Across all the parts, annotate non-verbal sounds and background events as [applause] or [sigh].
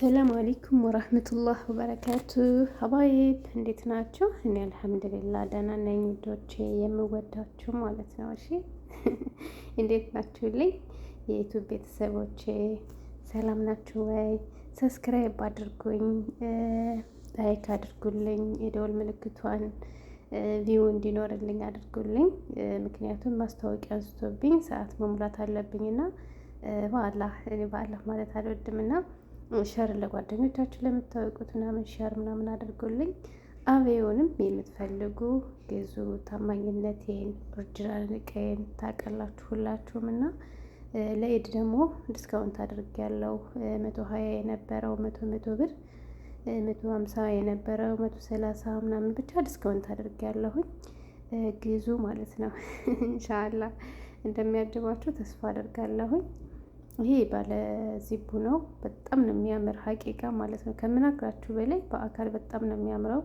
አሰላሙ አሌይኩም ወረህመቱላህ ወበረካቱ ሀባይብ እንዴት ናቸው? እኔ አልሐምድሊላ ደህና ነኝ። ውዶቼ የምወዳችሁ ማለት ነው። እሺ እንዴት ናችሁልኝ? የዩቱብ ቤተሰቦቼ ሰላም ናችሁ ወይ? ሰብስክራይብ አድርጉኝ፣ ላይክ አድርጉልኝ፣ የደወል ምልክቷን ቪው እንዲኖርልኝ አድርጉልኝ። ምክንያቱም ማስታወቂያ አንስቶብኝ ሰዓት መሙላት አለብኝና በአላህ እኔ በአላህ ማለት አልወድምና ሸር ለጓደኞቻችሁ ለምታወቁት ምናምን ሸር ምናምን አድርጉልኝ አቤዮንም የምትፈልጉ ግዙ። ታማኝነቴን ኦሪጂናል እቃዬን ታቀላችሁ ሁላችሁም። እና ለኢድ ደግሞ ዲስካውንት አድርግ ያለው መቶ ሀያ የነበረው መቶ መቶ ብር መቶ ሀምሳ የነበረው መቶ ሰላሳ ምናምን ብቻ ዲስካውንት አድርግ ያለሁኝ ግዙ ማለት ነው። [laughs] ኢንሻአላ እንደሚያድባችሁ ተስፋ አደርጋለሁኝ። ይሄ ባለ ዚቡ ነው። በጣም ነው የሚያምር ሀቂቃ ማለት ነው። ከምናግራችሁ በላይ በአካል በጣም ነው የሚያምረው።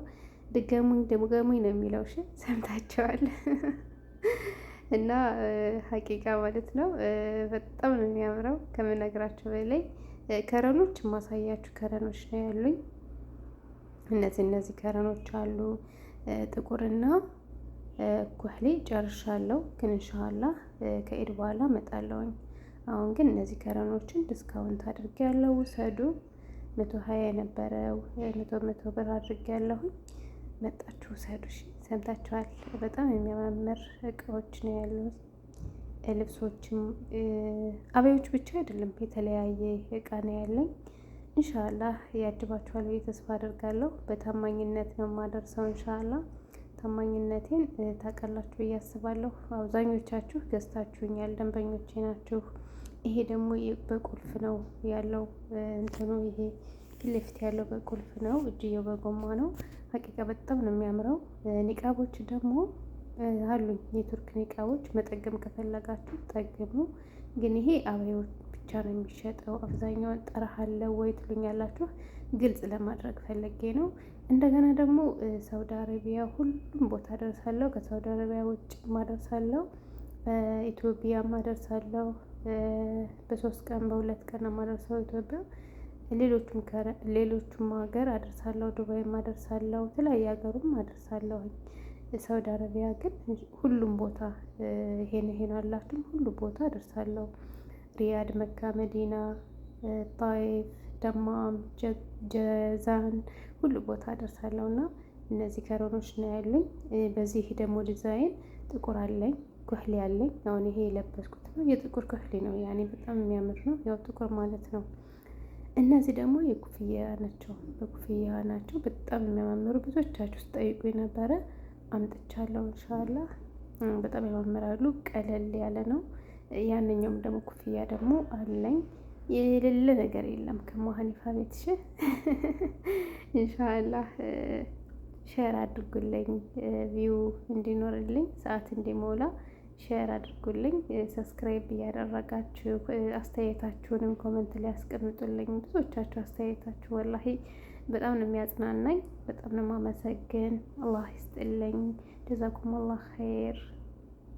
ድገሙኝ ድገሙኝ ነው የሚለው ሽ ሰምታቸዋል። [laughs] እና ሀቂቃ ማለት ነው በጣም ነው የሚያምረው ከምናግራችሁ በላይ። ከረኖች የማሳያችሁ ከረኖች ነው ያሉኝ። እነዚህ እነዚህ ከረኖች አሉ። ጥቁርና ኩህሌ ጨርሻለሁ፣ ግን እንሻላ ከኢድ በኋላ እመጣለሁኝ። አሁን ግን እነዚህ ከረኖችን ዲስካውንት አድርጌ ያለው ውሰዱ። መቶ ሀያ የነበረው መቶ መቶ ብር አድርጌ ያለሁኝ መጣችሁ ውሰዱ። ሰምታችኋል። በጣም የሚያማምር እቃዎች ነው ያሉት። ልብሶችም አበዮች ብቻ አይደለም፣ የተለያየ እቃ ነው ያለኝ። እንሻላ ያጅባችኋል ብዬ ተስፋ አድርጋለሁ። በታማኝነት ነው የማደርሰው። እንሻላ ታማኝነቴን ታውቃላችሁ ብዬ አስባለሁ። አብዛኞቻችሁ ገዝታችሁኛል፣ ደንበኞቼ ናችሁ። ይሄ ደግሞ በቁልፍ ነው ያለው እንትኑ ይሄ ፊት ለፊት ያለው በቁልፍ ነው፣ እጅየው በጎማ ነው። ሀቂቃ በጣም ነው የሚያምረው። ኒቃቦች ደግሞ አሉኝ የቱርክ ኒቃቦች። መጠገም ከፈለጋችሁ ጠግሙ። ግን ይሄ አበቦች ብቻ ነው የሚሸጠው። አብዛኛውን ጥራህ አለ ወይ ትሉኛላችሁ። ግልጽ ለማድረግ ፈለጌ ነው። እንደገና ደግሞ ሳውዲ አረቢያ ሁሉም ቦታ አደርሳለሁ። ከሳውዲ አረቢያ ውጭ ማደርሳለሁ፣ ኢትዮጵያ ማደርሳለሁ። በሶስት ቀን በሁለት ቀን ማደርሰው ኢትዮጵያ፣ ሌሎቹም ሀገር አደርሳለሁ። ዱባይ አደርሳለሁ፣ የተለያየ ሀገሩም አደርሳለሁ። ሳውዲ አረቢያ ግን ሁሉም ቦታ ይሄን ይሄን አላትም ሁሉ ቦታ አደርሳለሁ። ሪያድ፣ መካ፣ መዲና፣ ጣይፍ፣ ደማም፣ ጀዛን ሁሉ ቦታ አደርሳለሁ እና እነዚህ ከረኖች ነው ያሉኝ። በዚህ ደግሞ ዲዛይን ጥቁር አለኝ፣ ኩሕሊ አለኝ። አሁን ይሄ የለበስኩት ነው የጥቁር ኩሕሊ ነው። ያኔ በጣም የሚያምር ነው፣ ያው ጥቁር ማለት ነው። እነዚህ ደግሞ የኩፍያ ናቸው፣ በኩፍያ ናቸው። በጣም የሚያማምሩ ብዙዎቻችሁ ስጠይቁ የነበረ አምጥቻለሁ። እንሻላ በጣም ያማምራሉ። ቀለል ያለ ነው። ያንኛውም ደግሞ ኩፍያ ደግሞ አለኝ። የሌለ ነገር የለም። ከመሀኒፋ ቤትሽ [laughs] ኢንሻአላህ ሼር አድርጉልኝ፣ ቪው እንዲኖርልኝ፣ ሰዓት እንዲሞላ ሼር አድርጉልኝ። ሰብስክራይብ እያደረጋችሁ አስተያየታችሁንም ኮመንት ላይ ያስቀምጡልኝ። ብዙዎቻችሁ አስተያየታችሁ ወላሂ በጣም ነው የሚያጽናናኝ። በጣም ነው የማመሰግን። አላህ ይስጥልኝ። ጀዛኩም አላህ ኸይር።